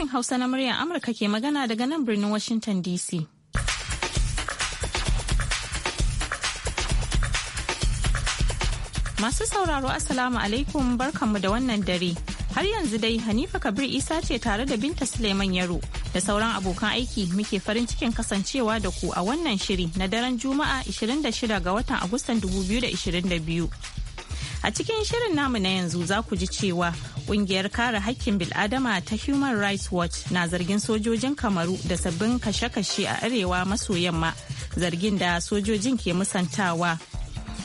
sashen Hausa na muryar Amurka ke magana daga nan birnin Washington DC. Masu sauraro asalamu alaikum barkanmu da wannan dare. Har yanzu dai Hanifa Kabir Isa ce tare da Binta Suleiman Yaro da sauran abokan aiki muke farin cikin kasancewa da ku a wannan shiri na daren Juma'a 26 ga watan Agustan 2022. A cikin shirin namu na yanzu za ku ji cewa kungiyar kare hakkin bil'adama ta Human Rights Watch na zargin sojojin Kamaru da sabbin kashe-kashe a arewa maso yamma zargin da sojojin ke musantawa.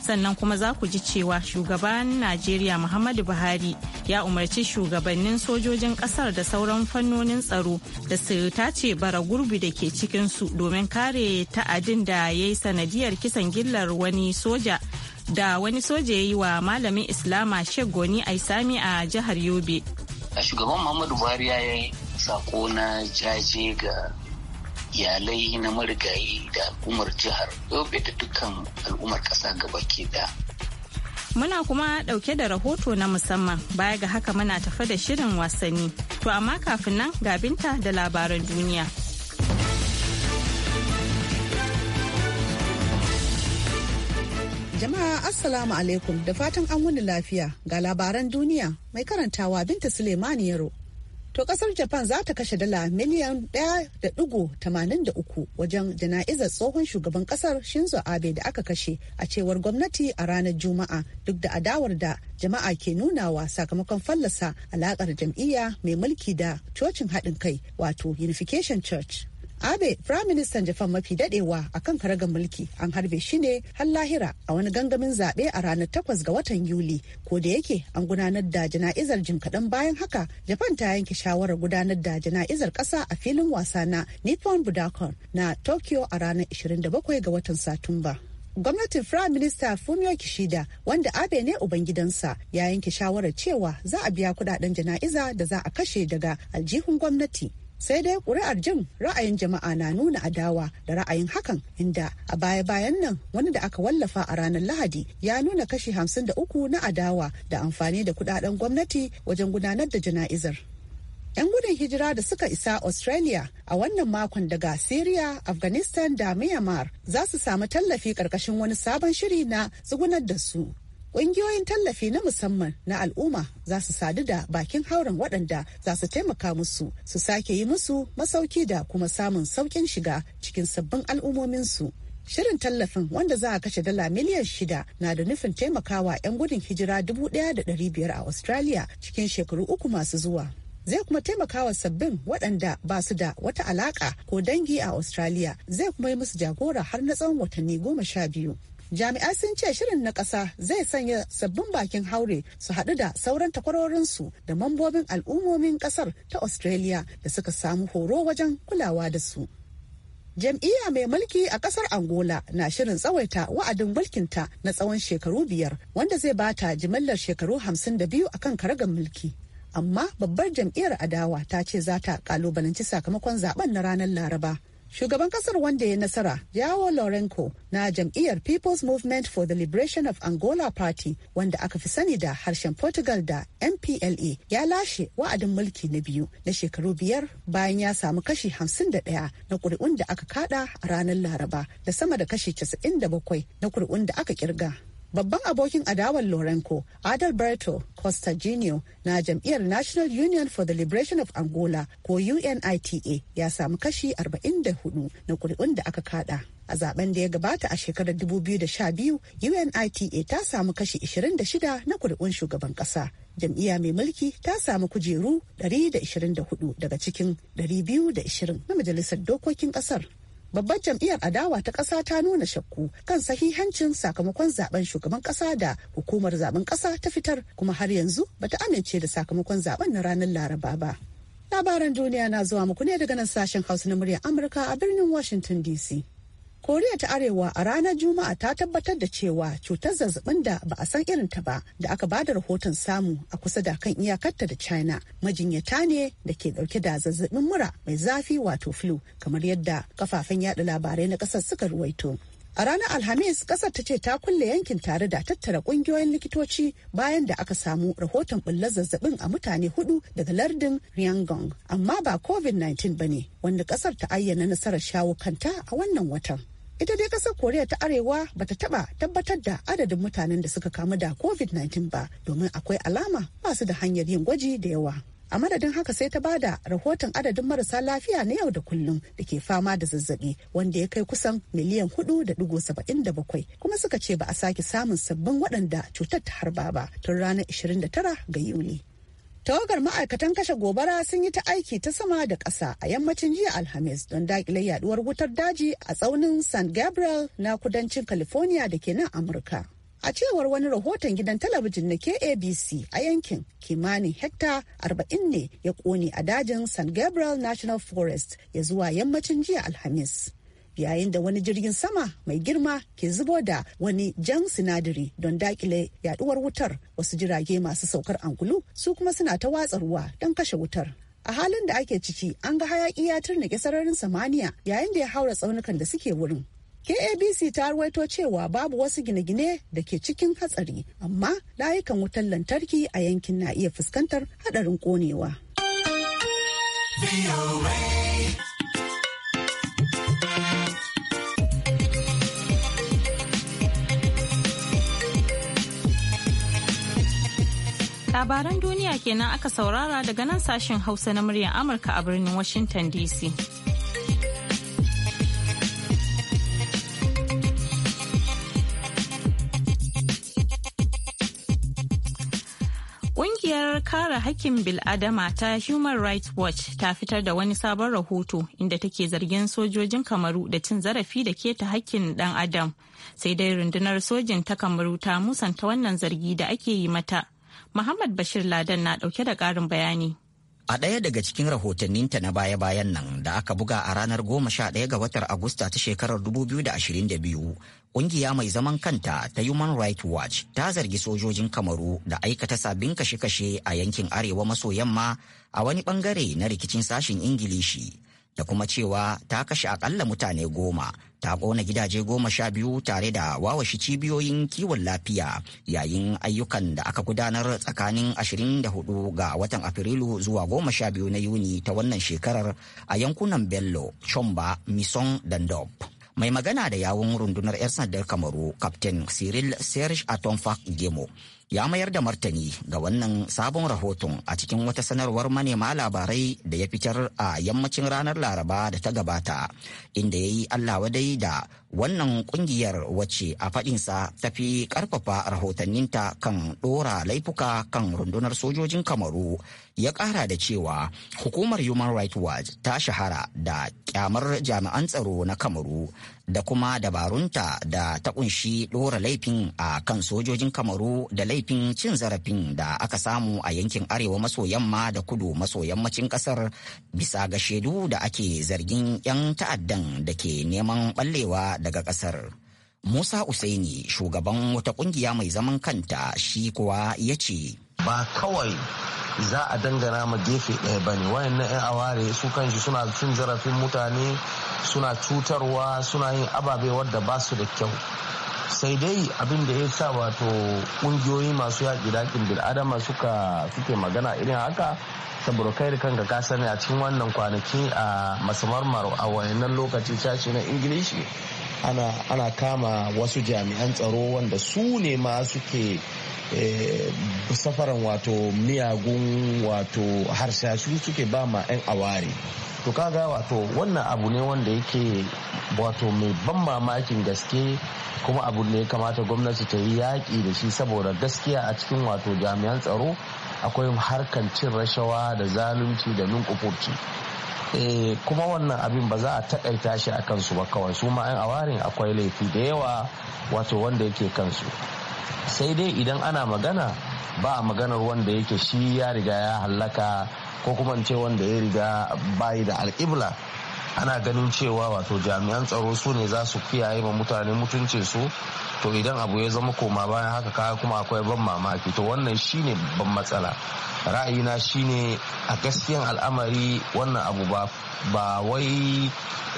Sannan kuma za ku ji cewa shugaban Najeriya Muhammadu Buhari ya umarci shugabannin sojojin kasar da sauran fannonin tsaro da su tace bara gurbi da ke cikinsu domin kare ta'adin da ya yi sanadiyar kisan gillar wani soja da wani soja ya yi wa malamin islama shegoni aisami a jihar yobe A shugaban muhammadu buhari ya yi sako na jaje ga iyalai na marigayi da al'ummar jihar yobe da dukkan al'ummar ƙasa gaba ke da Muna kuma ɗauke da rahoto na musamman baya ga haka muna tafa da shirin wasanni. To amma kafin nan ga binta da labaran duniya. Jama'a Assalamu alaikum da fatan an wuni lafiya ga labaran duniya mai karantawa Binta Suleiman Yaro. To kasar Japan za ta kashe dala miliyan ɗaya da da uku wajen jana'izar tsohon shugaban kasar Shinzo Abe da aka kashe a cewar gwamnati a ranar Juma'a duk da adawar da jama'a ke nunawa sakamakon fallasa alakar jam'iyya mai mulki da cocin haɗin kai wato Unification Church. abe firaministan japan mafi dadewa a kan karagar mulki an harbe shi ne har lahira a wani gangamin zaɓe a ranar takwas ga watan yuli ko da yake an gudanar da jana'izar jin kaɗan bayan haka japan ta yanke shawarar gudanar da jana'izar ƙasa a filin wasa na nippon budokan na tokyo a ranar 27 ga watan satumba gwamnatin Prime Minister Fumio Kishida wanda Abe ne ubangidansa ya yanke shawarar cewa za a biya kudaden jana'iza da za a kashe daga aljihun gwamnati. sai dai ƙuri'ar jin ra'ayin jama'a na nuna adawa da ra'ayin hakan inda a baya-bayan nan wani da aka wallafa a ranar lahadi ya nuna kashi hamsin da uku na adawa da amfani da kudaden gwamnati wajen gudanar da jana'izar. 'yan gudun hijira da suka isa australia a wannan makon daga syria afghanistan da myanmar za su sami tallafi karkashin wani sabon shiri na tsugunar da su Ƙungiyoyin tallafi na musamman na al'umma za su sadu da bakin hauren waɗanda za su taimaka musu su sake yi musu masauki da kuma samun sauƙin shiga cikin sabbin al'ummominsu. Shirin tallafin wanda za a kashe dala miliyan shida na da nufin taimakawa 'yan gudun hijira biyar a Australia cikin shekaru uku masu zuwa. zai kuma taimakawa sabbin waɗanda ba su da wata alaƙa ko dangi a australia zai kuma yi musu jagora har na tsawon watanni goma sha biyu jami'ai sun ce shirin na ƙasa zai sanya sabbin bakin haure su haɗu da sauran takwarorinsu da mambobin al'ummomin ƙasar ta australia da suka samu horo wajen kulawa da su jam'iyya mai mulki a ƙasar angola na shirin tsawaita wa'adin mulkinta na tsawon shekaru biyar wanda zai bata jimillar shekaru hamsin da biyu akan karagar mulki amma babbar jam'iyyar adawa ta ce za ta kalubalanci sakamakon zaben na ranar laraba Shugaban kasar wanda ya nasara, Yawo Lorenko na jam'iyyar People's Movement for the Liberation of Angola Party wanda aka fi sani da harshen Portugal da MPLA ya lashe wa'adin mulki na biyu na shekaru biyar bayan ya samu kashi 51 na kuri'un da aka kada a ranar Laraba da sama da kashi 97 na kuri'un da aka kirga. babban abokin adawar lorenco adalberto costa costagino na jam'iyyar national union for the liberation of angola ko unita ya samu kashi 44 na kuri'un da aka kada a zaben da ya gabata a shekarar 2012 unita ta samu kashi 26 na kuri'un shugaban kasa jam'iyya mai mulki ta samu kujeru 124 daga cikin 220 na majalisar dokokin kasar babbar jam'iyyar adawa ta ƙasa ta nuna shakku kan sahihancin sakamakon zaben shugaban ƙasa da hukumar zaben ƙasa ta fitar kuma har yanzu bata amince da sakamakon zaben na ranar laraba ba labaran duniya na zuwa muku ne daga nan sashen hausa na muryar amurka a birnin washington dc koriya ta arewa a ranar juma'a ta tabbatar da cewa cutar zazzabin da ba a san irin ta ba da aka bada rahoton samu a kusa da kan iyakarta da china majinyata ne da ke dauke da zazzabin mura mai zafi wato flu kamar yadda kafafen yada labarai na kasar suka ruwaito A ranar Alhamis, kasar ta ce ta kulle yankin tare da tattara kungiyoyin likitoci bayan da aka samu rahoton bullar zazzabin a mutane hudu daga lardin Ryangong. Amma ba COVID-19 ba ne, wanda kasar ta ayyana nasarar shawo kanta a wannan watan. ita dai kasar koriya ta arewa bata taba tabbatar da adadin mutanen da suka kamu da covid-19 ba domin akwai alama masu da hanyar yin gwaji da yawa a madadin haka sai ta bada rahoton adadin marasa lafiya na yau da kullum da ke fama da zazzabi wanda ya kai kusan miliyan 4.77 kuma suka ce ba a sake samun sabbin waɗanda cutar ta harba ba tun ranar 29 ga yuli tawagar ma'aikatan kashe gobara sun yi ta aiki ta sama da ƙasa a yammacin jiya alhamis don dakile yaduwar wutar daji a tsaunin san gabriel na kudancin california da ke nan amurka a cewar wani rahoton gidan talabijin na kabc a yankin kimanin hekta 40 ne ya kone a dajin san gabriel national forest ya zuwa yammacin jiya alhamis yayin da wani jirgin sama mai girma ke zubo da wani jan sinadari don dakile yaduwar wutar wasu jirage masu saukar angulu su kuma suna ta watsa ruwa don kashe wutar a halin da ake ciki an ga hayaki ya turnike sararin samaniya yayin da ya haura tsaunukan da suke wurin kabc ta ruwaito cewa babu wasu gine-gine da ke cikin hatsari amma layukan wutar lantarki a yankin na iya fuskantar hadarin konewa. Labaran duniya kenan aka saurara daga nan sashen Hausa na muryar Amurka a birnin Washington DC. Ƙungiyar kare hakkin bil'adama ta Human Rights Watch ta fitar da wani sabon rahoto inda take zargin sojojin Kamaru da cin zarafi da keta hakkin ɗan Adam. Sai dai rundunar sojin ta Kamaru ta musanta wannan zargi da ake yi mata Muhammad Bashir Ladan na ɗauke da ƙarin bayani. A ɗaya daga cikin rahotanninta na baya-bayan nan da aka buga a ranar 11 ga watan Agusta ta shekarar 2022, ƙungiya mai zaman kanta ta Human Rights Watch ta zargi sojojin Kamaru da aikata sabbin kashe-kashe a yankin arewa maso yamma a wani ɓangare na rikicin sashen Ingilishi da kuma cewa ta kashe akalla mutane goma ta kona gidaje goma sha biyu tare da wawashi cibiyoyin kiwon lafiya yayin ayyukan da aka gudanar tsakanin 24 ga watan afrilu zuwa goma sha biyu na yuni ta wannan shekarar a yankunan bello chomba mison dandop mai magana da yawun rundunar 'yan sandar kamaru captain cyril serge atomfak gemo ya mayar da martani ga wannan sabon rahoton a cikin wata sanarwar manema labarai da ya fitar a yammacin ranar laraba da ta gabata inda ya yi allah wadai da wannan kungiyar wacce a fadinsa ta fi karfafa rahotanninta kan ɗora laifuka kan rundunar sojojin kamaru ya kara da cewa hukumar human rights watch ta shahara da kyamar jami'an tsaro na kamaru da kuma dabarunta da ta kunshi ɗora laifin a kan sojojin kamaru da laifin cin zarafin da aka samu a yankin arewa maso yamma da kudu maso yammacin kasar bisa ga shaidu da ake zargin 'yan ta'addan da ke neman ballewa daga kasar Musa Usaini shugaban wata kungiya mai zaman kanta shi kuwa ya ce. Ba kawai za a dangana ma gefe ɗaya ba ne wayannan 'yan aware su kanshi suna cin zarafin mutane suna cutarwa suna yin ababe wadda ba su da kyau sai dai abin da ya sa wato kungiyoyi masu yaƙi daƙin bil'adama suka suke magana irin haka saboda kai da kanka ka sani a cikin wannan kwanaki a masamarmar a wayannan lokaci sashi na ingilishi ana, kama wasu jami'an tsaro wanda su ne ma suke eh, safaran wato miyagun wato harsashi suke ba ma 'yan aware to kaga wato wannan abu ne wanda yake wato mai ban mamakin gaske kuma abu ne kamata gwamnati ta yi yaƙi da shi saboda gaskiya a cikin wato jami'an tsaro akwai harkan cin rashawa da zalunci da nunkufurci Eh, kuma wannan abin ba za a takaita shi a kansu ba kawai su ma yan awarin akwai laifi da yawa wato wanda yake kansu sai dai idan ana magana ba a maganar wanda yake shi ya riga ya hallaka ko kuma ce wanda ya riga bayi da alƙibla ana ganin cewa wato jami'an tsaro su ne za su kiyaye ma mutane mutuncin su to idan abu ya zama koma bayan haka kaya kuma akwai ban mamaki to wannan shine babban matsala ra'ayina shine a gaskiyan al'amari wannan abu ba ba wai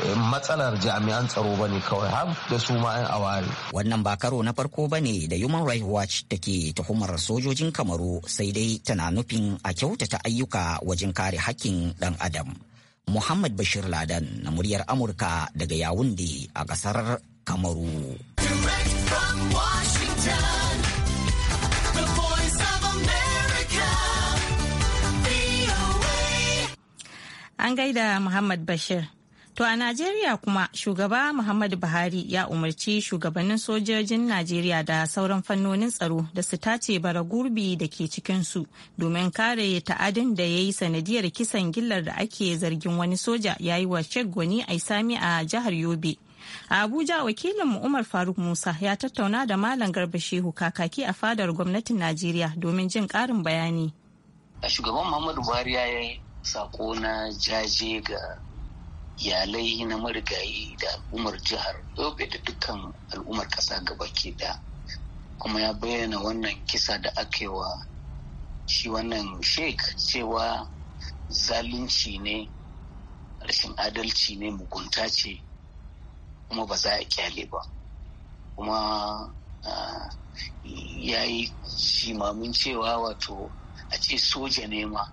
eh, matsalar jami'an tsaro ba ne kawai har da su ma 'yan aware. Wannan ba karo na farko bane da Human Rights Watch take tuhumar sojojin Kamaru sai dai tana nufin a kyautata ayyuka wajen kare hakkin dan Adam. Muhammad Bashir Ladan na muryar Amurka daga Yawunde a kasar Kamaru. An gaida Muhammad Bashir. To a Najeriya kuma shugaba Muhammadu Buhari ya umarci shugabannin sojojin Najeriya da sauran fannonin tsaro da su tace bara gurbi da ke cikinsu domin kare ta'adin da ya yi sanadiyar kisan gillar da ake zargin wani soja ya yi wa Gwani Aisami a jihar Yobe. A Abuja wakilinmu Umar Faruk Musa ya tattauna da Malam Garba Shehu kakaki a fadar gwamnatin Najeriya domin jin ƙarin bayani. Shugaban Muhammadu Buhari ya yi sako na jaje ga iyalai na marigayi da al'ummar jihar yobe da dukkan al'ummar ƙasa ke da kuma ya bayyana wannan kisa da aka yi wa shi wannan sheik cewa zalunci ne rashin adalci ne mugunta ce kuma ba za a kyale ba kuma ya yi shimamin cewa wato a ce soja ne ma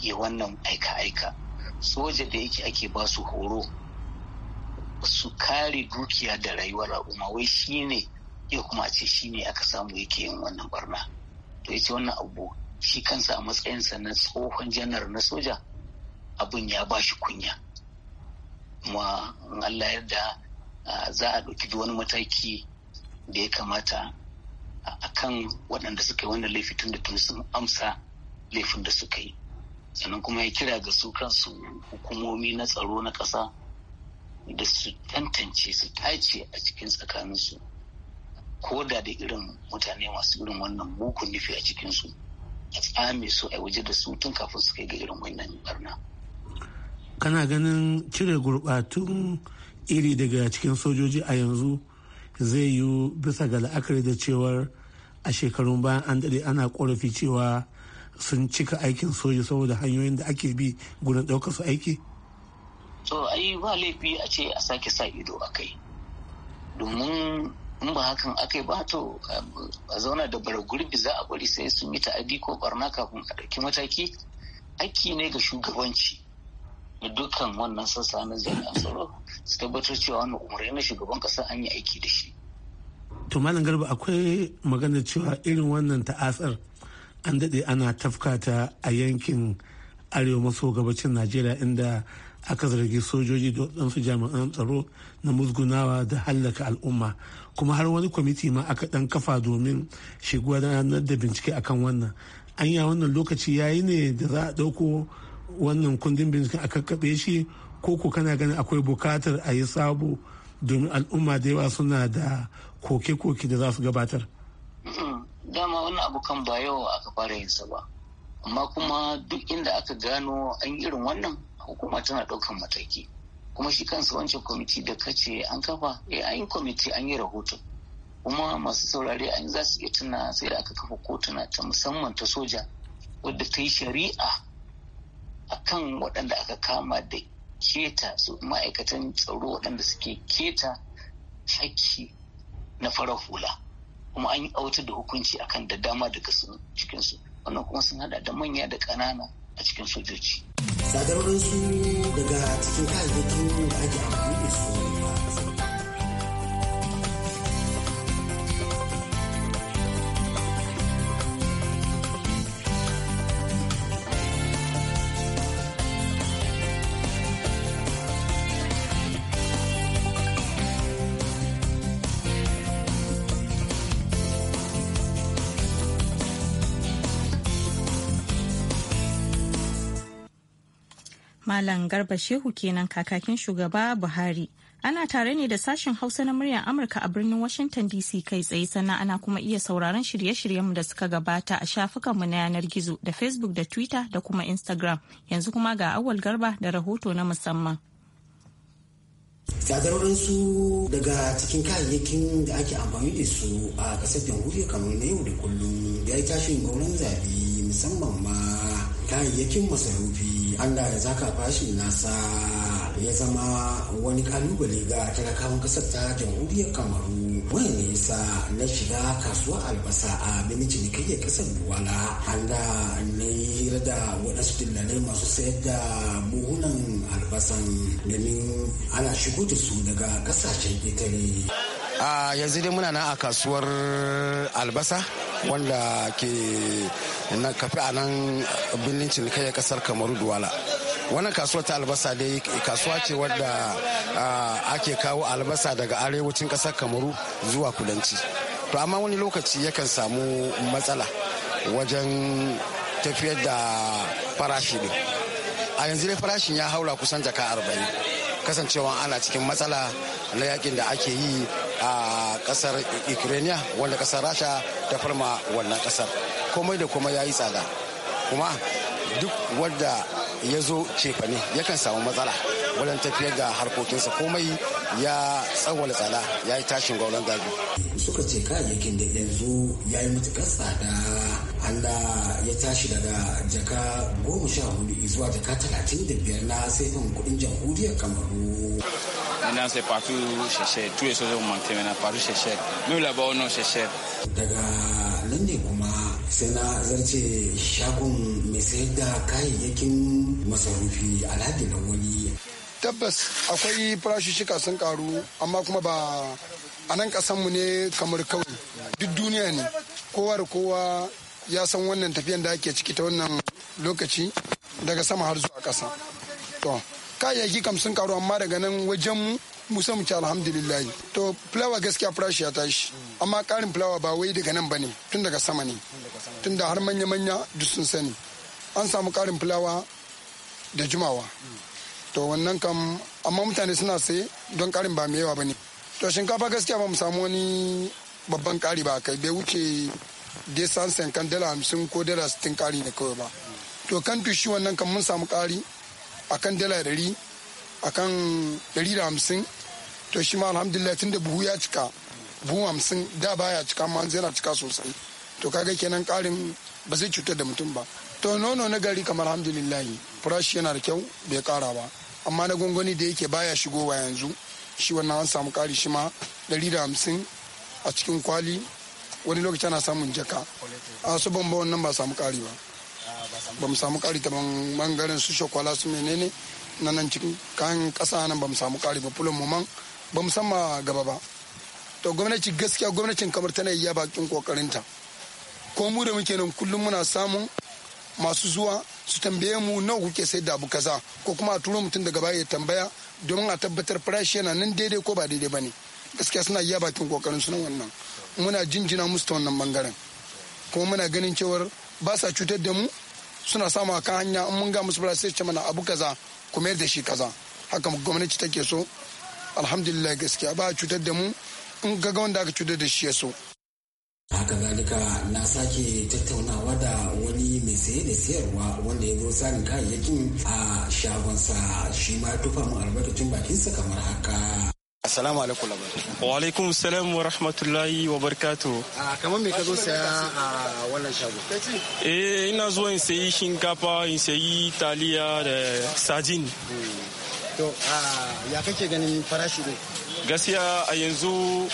ya wannan aika-aika soja da yake ake ba su horo su kare dukiya da rayuwar al'umma wai shi ne ya kuma ce shi ne aka samu yake yin wannan barna to ya ce wannan abu shi kansa a matsayinsa na tsohon janar na soja abin ya ba shi kunya kuma Allah yadda za a ɗauki wani mataki da ya kamata a kan waɗanda suka yi wannan laifin tun da tun sun amsa laifin da suka yi sannan kuma ya kira ga su kansu hukumomi na tsaro na ƙasa da su tantance su tace a cikin tsakaninsu ko da da irin mutane masu irin wannan mugun nufi a cikinsu a tsame su a waje da su tun kafin su kai ga irin wannan barna. kana ganin cire gurbatun iri daga cikin sojoji a yanzu zai yi bisa ga la'akari da cewar a shekarun bayan an daɗe ana korafi cewa sun cika aikin soja saboda hanyoyin da ake bi gurin ɗaukar su aiki? to ai ba laifi a ce a sake sa ido a kai domin in ba hakan aka yi ba to um, a zauna da bara gurbi za a bari sai sun yi ta'adi ko barna kafin a ɗauki mataki aiki ne ga shugabanci da dukkan wannan sassa na jami'an tsaro su tabbatar cewa wani umarni na shugaban kasa an yi aiki da shi. to malam garba akwai maganar cewa irin wannan ta'asar an daɗe ana tafkata a yankin arewa maso gabacin najeriya inda aka zargi sojoji da waɗansu jami'an tsaro na musgunawa da hallaka al'umma kuma har wani kwamiti ma aka ɗan kafa domin shiga da da bincike akan wannan anya wannan lokaci yayi ne da za a ɗauko wannan kundin bincike aka kaɓe shi ko ko kana ganin akwai bukatar a yi sabo domin al'umma da yawa suna da koke-koke da za su gabatar. abu kan ba yau aka fara yin sa ba amma kuma duk inda aka gano an irin wannan hukuma tana ɗaukan mataki kuma shi kansa wancan kwamiti da kace an kafa eh, a yin kwamiti an yi rahoto kuma masu saurare an za su iya tuna sai da aka kafa kotuna ta musamman ta soja wadda ta yi shari'a akan waɗanda aka kama da keta su ma'aikatan tsaro waɗanda suke keta hakki na farar hula kuma an yi autar da hukunci akan da dama daga cikinsu wannan kuma sun hada da manya da ƙanana a cikin sojoji. Sadarwar su daga cikin kayayyakin da ake amfani da su Malam Garba Shehu kenan kakakin shugaba Buhari. Ana tare ne da sashen Hausa na muryar Amurka a birnin Washington DC kai tsaye sannan ana kuma iya sauraron shirye-shiryenmu da suka gabata a shafukanmu na yanar gizo da Facebook da Twitter da kuma Instagram. Yanzu kuma ga awal garba da rahoto na musamman. tsadar su daga cikin kayayyakin da ake amfani da su a ƙasar jamhuriyar kano na yau da kullum ya yi tashin gwamnan zabi musamman ma kayayyakin masarufi Allah ya zaka fashi nasa ya zama wani kalubale ga talakawan kasar ta jamhuriyar kamaru wani nisa na shiga kasuwa albasa a mini cinikayyar kasar duwala Allah na hira da waɗansu dillalai masu sayar da buhunan albasan domin ana shigo da su daga kasashen itali. a yanzu dai muna nan a kasuwar albasa wanda ke na kafi a nan birnin cinikayya kasar kamaru duwala wannan kasuwar ta albasa dai kasuwa ce wadda ake kawo albasa daga arewacin kasar kamaru zuwa kudanci to amma wani lokaci yakan samu matsala wajen tafiyar da farashi din a yanzu dai farashin ya haura kusan jaka arba'in kasancewa ana cikin matsala na yakin da ake yi a kasar ukraine wanda kasar rasha ta farma wannan kasar komai da komai ya yi tsada kuma duk wadda ya zo cefane yakan samu matsala wajen tafiyar da harkokinsa komai ya tsawala tsada ya yi tashin gwauron gaji suka ce kayayyakin da yanzu ya yi matuƙar tsada allah ya tashi daga jaka goma sha hudu zuwa jaka talatin da biyar na saifin kudin jamhuriyar kamaru Ina sai partout, sheshe, cher. sojo les choses ont monté maintenant. Partout, c'est Daga, nan ne kuma sai na zarce shagon mai sayar da kayayyakin masarufi a da wani tabbas akwai shika sun karu amma kuma ba a nan kasanmu ne kamar kawai duk duniya ne kowa da kowa ya san wannan tafiyan da ake ciki ta wannan lokaci daga sama har zuwa ƙasa to kayayyaki kam sun karu amma daga nan wajenmu mu sai mu ci alhamdulillah to fulawa gaskiya farashi ya tashi amma karin fulawa ba wai daga nan bane tun daga sama ne tun da har manya manya duk sun sani an samu karin fulawa da jumawa to wannan kam amma mutane suna saye don karin ba mai yawa bane to shinkafa gaskiya ba mu samu wani babban kari ba kai bai wuce dai san kan dala hamsin ko dala sittin kari ne kawai ba to kan tushi wannan kan mun samu kari akan dala dari akan da to shi ma alhamdulillah tun da buhu ya cika buhu hamsin da baya cika amma yana cika sosai to kaga kenan karin ba zai cutar da mutum ba to nono na gari kamar alhamdulillah farashi yana da kyau bai kara ba amma na gongoni da yake baya shigowa yanzu shi wannan an samu kari shi ma ɗari da hamsin a cikin kwali wani lokaci ana samun jaka a su ban wannan ba samu kari ba ba mu samu kari ta bangaren su shakwala su menene na nan cikin kayan kasa nan ba mu samu kari ba fulon mu man ba musamman gaba ba to gwamnati gaskiya gwamnatin kamar tana iya bakin ta ko mu da muke nan kullum muna samun masu zuwa su tambaye mu nawa kuke sai da abu kaza ko kuma a turo mutum daga baya ya tambaya domin a tabbatar farashi yana nan daidai ko ba daidai bane gaskiya suna iya bakin kokarin su wannan muna jinjina musu ta wannan bangaren kuma muna ganin cewar ba sa cutar da mu suna samu a kan hanya in mun ga musu farashi sai ce mana abu kaza kuma da shi kaza haka gwamnati take so alhamdulillah gaskiya ba a cutar da mu in gaga wanda aka cutar da shi ya so haka zalika na sake tattaunawa da wani mai saye da sayarwa wanda ya zo tsarin kayayyakin a shagonsa shi ma tufa mu albarkacin bakinsa kamar haka Assalamu alaikum labarai. Wa alaikum salam wa rahmatullahi wa barkatu. Kamar me ka zo saya a wannan shago? Eh ina zuwa in sayi shinkafa, in sayi taliya da sardine. Hmm. To, ya kake ganin farashi ne? Gaskiya a yanzu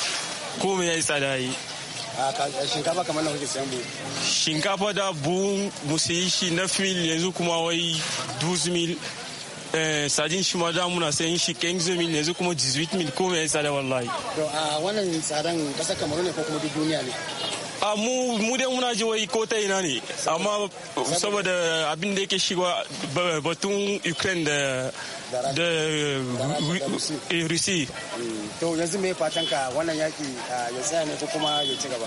kome ya yi tsada yi. Shinkafa kamar na kuke sayan buhu? Shinkafa da buhu musu yi shi na fil yanzu kuma wai duzu mil. Eh, sadin shi ma damu na sayan shi 15 mil yanzu kuma 18 mil kome ya yi tsada wallahi. To, a wannan tsadan ƙasar kamaru ne ko kuma duk duniya ne? a mu mu dai muna ji wai ko ta ina ne amma saboda abin da yake shiga batun ukraine da da eh, rusi mm. to yanzu me fatan ka wannan yaki ah, ya tsaya ne ko kuma ya ci gaba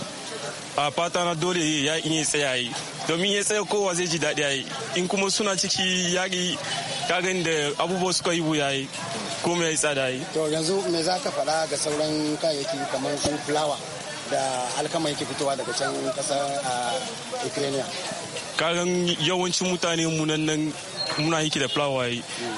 a fata na dole ya in ya tsaya yi domin ya tsaya kowa zai ji daɗi yi in kuma suna ciki yaki ka gani da abubuwa suka yi buya yi ko me ya tsada yi to yanzu me za ka faɗa ga sauran kayayyaki kamar su fulawa da alkama yake fitowa daga can kasar ukraine kagan yawancin mutane munan nan muna yake da fulawa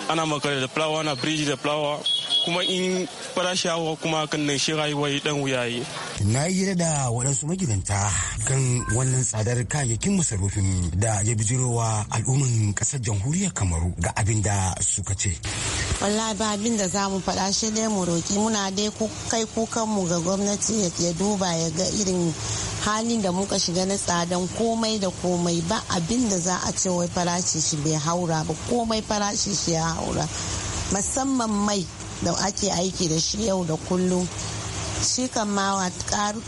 ana makar da fulawa na biriji da fulawa kuma in farashi hawa kuma kan nan shi rayuwar dan wuyaye. Na yi da waɗansu magidanta kan wannan tsadar kayayyakin masarufin da ya bijirowa al'umman ƙasar jamhuriyar Kamaru ga abin da suka ce. wallahi ba abin da za mu faɗa shi dai mu roki muna dai kai kukanmu ga gwamnati ya duba ya ga irin halin da muka shiga na tsadan komai da komai ba abin da za a ce wai farashi shi bai haura ba komai farashi shi ya haura musamman mai da ake aiki da shi yau da kullum shi kan ma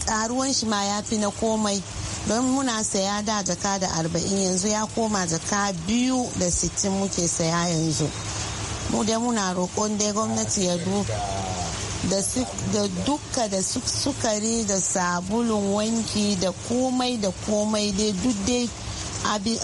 karuwan shi ma ya fi na komai don muna saya da jaka da arba'in yanzu ya koma jaka biyu da sittin muke saya yanzu mu dai muna roƙon da gwamnati ya duba da duka da sukari da sabulun wanki da komai da komai dai duk dai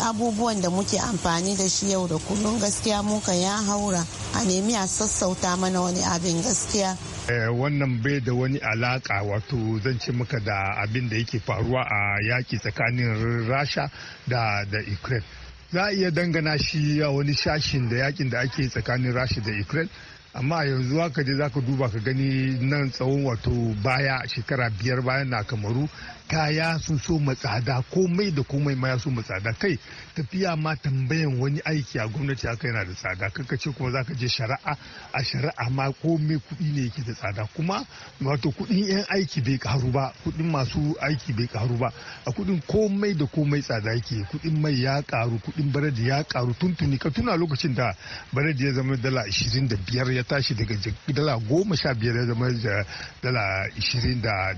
abubuwan da muke amfani da shi yau da kullum gaskiya muka ya haura a nemi a sassauta mana wani abin gaskiya eh, wannan bai da wani alaka wato zan ce muka da abin da yake faruwa a yaki tsakanin rasha da ukraine za a iya dangana shi a wani shashin da yakin da ake tsakanin rasha da ukraine amma yanzu haka za zaka duba ka gani nan tsawon wato baya shekara biyar bayan na kamaru kaya sun so matsada komai da komai ma ya so matsada kai tafiya ma tambayan wani aiki a gwamnati haka yana da tsada kaka ce kuma zaka je shari'a a shari'a ma komai kuɗi ne yake da tsada kuma wato kuɗin yan aiki bai karu ba kuɗin masu aiki bai karu ba a kuɗin komai da komai tsada yake kuɗin mai ya karu kuɗin baradi ya karu tuntuni ka tuna lokacin da baradi ya zama dala ishirin da biyar ya tashi daga dala goma sha biyar ya zama dala ishirin da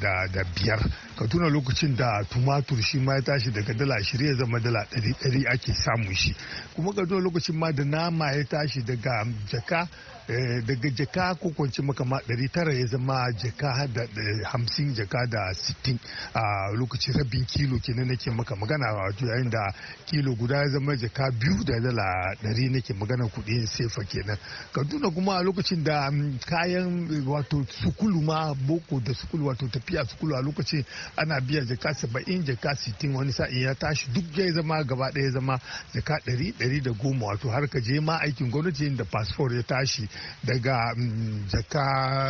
biyar ka tuna lokacin lokacin da tumatur shi ma ya tashi daga dala ashirin ya zama dala ɗari ɗari ake samun shi kuma ga lokacin ma da nama ya tashi daga jaka Eh, daga jaka ko kwanci maka ma ɗari tara ya zama jaka da hamsin jaka da sittin a lokacin rabin kilo kenan nake maka magana wato yayin da kilo guda ya zama jaka biyu da dala 100 nake magana kuɗin sefa kenan kaduna kuma a lokacin da mm, kayan wato sukulu ma boko da sukulu wato tafiya sukulu a lokacin ana biya jaka saba'in jaka sittin wani sa'in ya tashi duk ya zama gaba daya zama jaka 100 ɗari da goma wato har ka je ma aikin gwamnati da fasfor ya tashi daga mm, jaka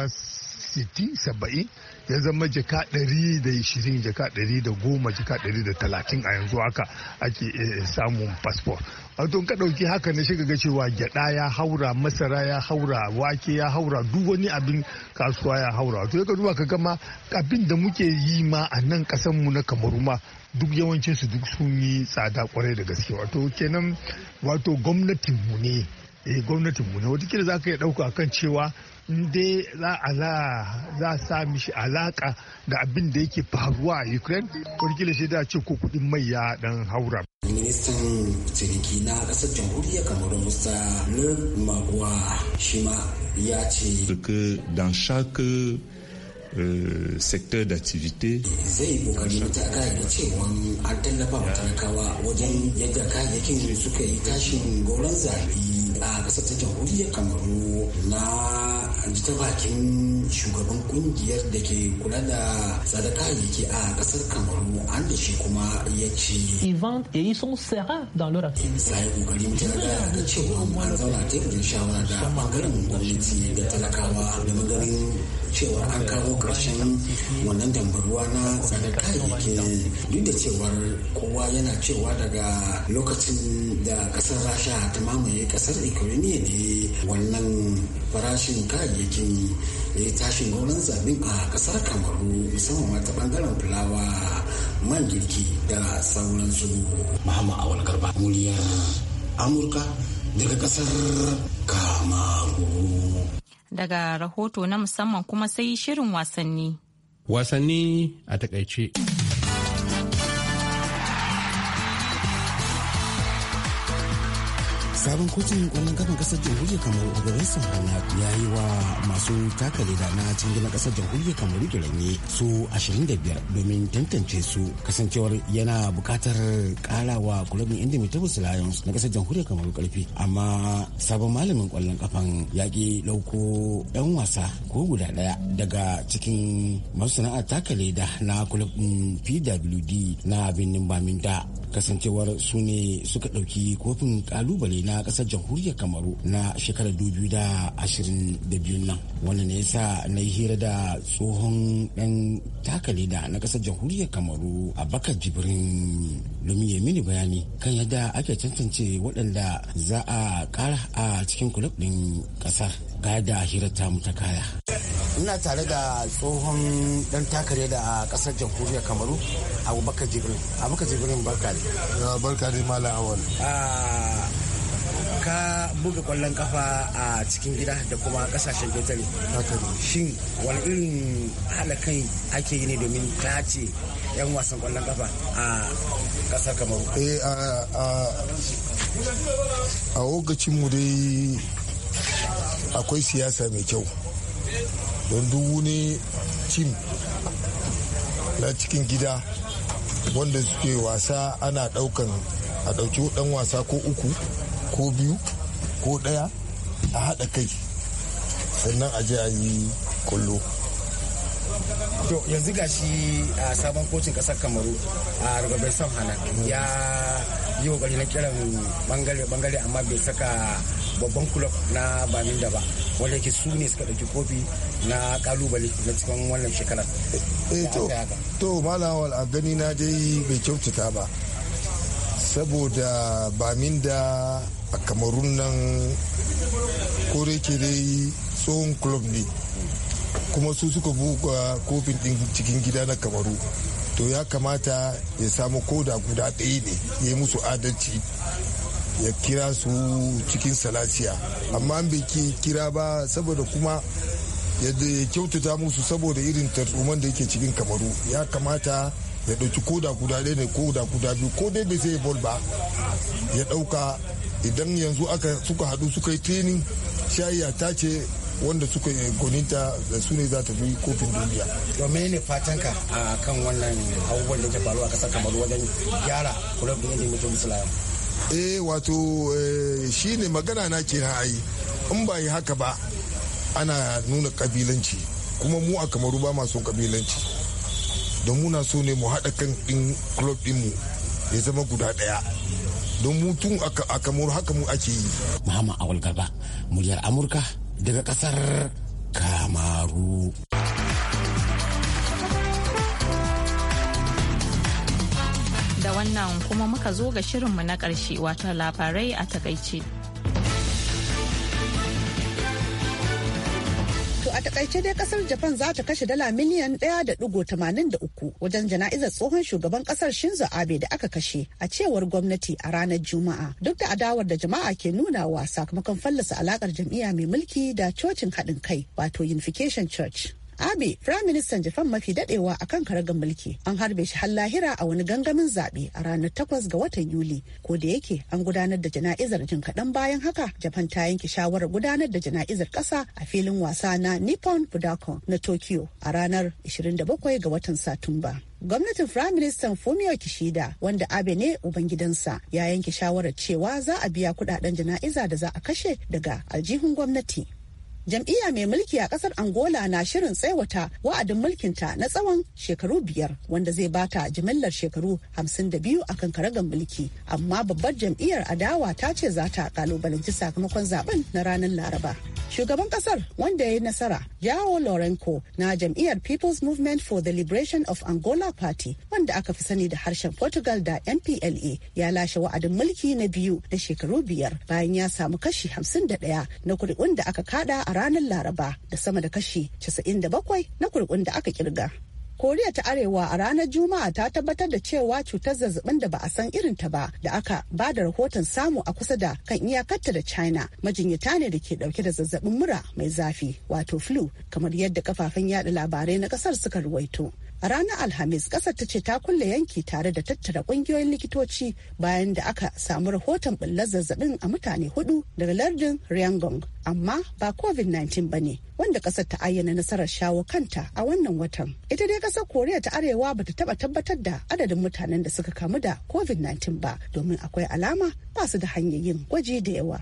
60-70 ya zama jaka 120 jaka 110 jaka 130 a yanzu haka ake eh, samun fasfo wato ka ɗauki haka na shiga ga cewa gyaɗa ya haura masara ya haura wake ya haura duk wani abin kasuwa ya haura wato ya duba ka gama abin da muke yi ma a nan mu na kamaru ma duk yawancinsu duk sun yi tsada kwarai da gaske wato kenan wato gwamnatinmu ne eh gwamnatinmu ne watakila za ka iya ɗauka kan cewa in dai za a sa mishi alaka da abin da yake faruwa a ukraine watakila sai da ce ko kuɗin mai ya dan haura ministan ciniki na ƙasar jamhuriyar kamar musa le magwa shi ma ya ce dans chaque Euh, secteur d'activité. zai kokari ta kayan cewa an tallafa wa talakawa wajen yadda kayayyakin suka yi tashin goron zabi a ƙasar ta jamhuriyar kamaru na ta bakin shugaban kungiyar da ke kula da tsada kayayyaki a ƙasar kamaru an da shi kuma ya ce Ivan et ils sont sereins dans leur activité. Sai kokari mutane da da cewa an zauna teburin shawara da magarin gwamnati da talakawa da magarin cewa an kawo karshen wannan dambaruwa na tsadar kayayyaki duk da cewar kowa yana cewa daga lokacin da ƙasar rasha ta mamaye ƙasar kawai ne wannan farashin kayayyakin da ya tashin gwamnan zabin a ƙasar kamaru musamman ma ta ɓangaren fulawa man girki da sauransu a wani karba muryar amurka daga ƙasar kamaru daga rahoto na musamman kuma sai shirin wasanni wasanni a takaice sabon kotun kwallon kafin kasar jamhuriyar kamaru ogorin sahana ya yi wa masu taka leda na cikin kasar jamhuriyar kamaru da ranye su 25 domin tantance su kasancewar yana bukatar karawa kulabin indomitable lions na kasar jamhuriyar kamaru karfi amma sabon malamin kwallon kafan ya ki dauko yan wasa ko guda daya daga cikin masu sana'ar taka leda na kulabin pwd na birnin baminda kasancewar su ne suka ɗauki kofin kalubale na ƙasar jamhuriyar kamaru na shekarar dubu da ashirin da biyu nan wannan ne yasa na yi hira da tsohon ɗan takale da na ƙasar jamhuriyar kamaru abakar jibrin domin ya mini bayani kan yadda ake tantance waɗanda za a ƙara a cikin kulub ɗin ƙasar ga yadda hirar tamu ta kaya. Ina tare da tsohon dan takare da a kasar jamhuriyar Kamaru Abubakar Jibrin. Abubakar Jibrin barka ne. Barka ne Malam Awal. Ah, ka buga kwallon kafa a cikin gida da kuma kasashen ketare. Shin wani irin haɗa kai ake yi ne domin tace 'yan wasan kwallon kafa a kasar Kamaru? Eh a lokacin mu dai akwai siyasa mai kyau don duhu wani tim na cikin gida wanda suke wasa ana daukan a dauki dan wasa ko uku ko biyu ko daya a haɗa kai sannan a je a yi kullo yanzu ga a sabon kocin kasar kamaru a rubabai son hana ya yi kokari na kiran bangare bangare amma bai saka babban kulob na da ba wanda yake su ne suka ɗauki kofi na kalubale na cikin wannan shekarar eh, eh, to to wal a gani na dai bai kyautata ba saboda baminda a kamarun nan kore ke dai tsohon kulob ne kuma su suka buga kofin din cikin gida na kamaru to ya kamata ya samu koda guda ɗaya ne ya musu adalci ya kira su cikin salasiya amma bai kira ba saboda kuma yadda ya kyautata musu saboda irin tarzoman da yake cikin kamaru ya kamata ya ɗauki koda da guda ɗaya ne ko da guda biyu ko dai bai sai bol ba ya ɗauka idan yanzu aka suka haɗu suka yi training shayiya ta ce wanda suka yi goninta da su ne za ta fi kofin duniya. domin ne fatan ka a kan wannan abubuwan da ke faru a kasar kamaru wajen gyara kulabin da mutum islam eh wato eh, shi ne magana na ke ayi in ba yi haka ba ana nuna kabilanci kuma mu a kamaru ba masu kabilanci don muna so ne mu haɗa kan ɗin club ɗinmu ya zama guda ɗaya don mutum a kamaru haka mu ake yi muhammad awal garba muryar amurka daga ƙasar kamaru da wannan kuma muka zo ga shirinmu na ƙarshe wato labarai a takaice. To a takaice dai kasar Japan za ta kashe dala miliyan 1.83 wajen jana'izar tsohon shugaban kasar Shinzo Abe da aka kashe a cewar gwamnati a ranar Juma'a. Duk da adawar da jama'a ke nuna wa sakamakon fallasa alakar jam'iyya mai mulki da cocin haɗin kai wato Unification Church. Abe, Firaministan Japan mafi dadewa a kan karagar mulki, an harbe shi har lahira a wani gangamin zaɓe a ranar takwas ga watan Yuli. Ko da yake an gudanar da jana'izar jin kaɗan bayan haka, Japan ta yanke shawarar gudanar da jana'izar ƙasa a filin wasa na Nippon Budokan na Tokyo a ranar 27 ga watan Satumba. gwamnatin firaministan fumio kishida wanda abe ne ubangidansa ya yanke shawarar cewa za a biya kudaden jana'iza da za a kashe daga aljihun gwamnati jam'iyya mai mulki a kasar angola na shirin tsaiwata wa'adin mulkinta na tsawon shekaru biyar wanda zai bata jimillar shekaru hamsin da biyu a mulki amma babbar jam'iyyar adawa ta ce za ta kalubalanci sakamakon zaben na ranar laraba shugaban kasar wanda ya yi nasara yawo lorenko na jam'iyyar people's movement for the liberation of angola party wanda aka fi sani da harshen portugal da mpla ya lashe wa'adin mulki na biyu da shekaru biyar bayan ya samu kashi hamsin ɗaya na kuri'un da aka kada a ranar laraba da sama da kashi 97 na kurkun da aka kirga koriya ta arewa a ranar juma'a ta tabbatar da cewa cutar zazzabin da ba a san irin ta ba da aka ba da rahoton samu a kusa da kan iyakarta da china majinyata ne da ke dauke da zazzabin mura mai zafi wato flu kamar yadda kafafen yada labarai na kasar suka ruwaito A ranar Alhamis kasar ta ce ta kulle yanki tare da tattara kungiyoyin likitoci bayan da aka samu rahoton bullar zazzabin a mutane hudu daga lardin Ryangong. Amma ba COVID-19 ba ne wanda kasar ta ayyana nasarar shawo kanta a wannan watan. Ita dai kasar Koriya ta Arewa ba ta taba tabbatar da adadin mutanen da suka kamu da COVID-19 ba domin akwai alama ba su da hanyoyin gwaji da yawa.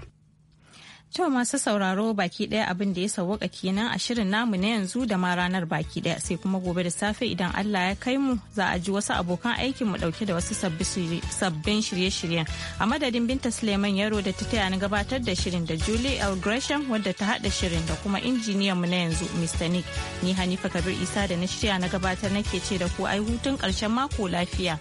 Cewa masu sauraro baki ɗaya abin da ya sauwaka kenan a shirin namu na yanzu da ma ranar baki ɗaya sai kuma gobe da safe idan Allah ya kai mu za a ji wasu abokan aikin mu ɗauke da wasu sabbin shirye-shiryen. A madadin Binta Suleiman Yaro da ta taya ni gabatar da shirin da Julie L. Gresham wadda ta haɗa shirin da kuma injiniyan mu na yanzu Mr. Nick. Ni Hanifa Kabir Isa da na shirya na gabatar nake ce da ku ai hutun karshen mako lafiya.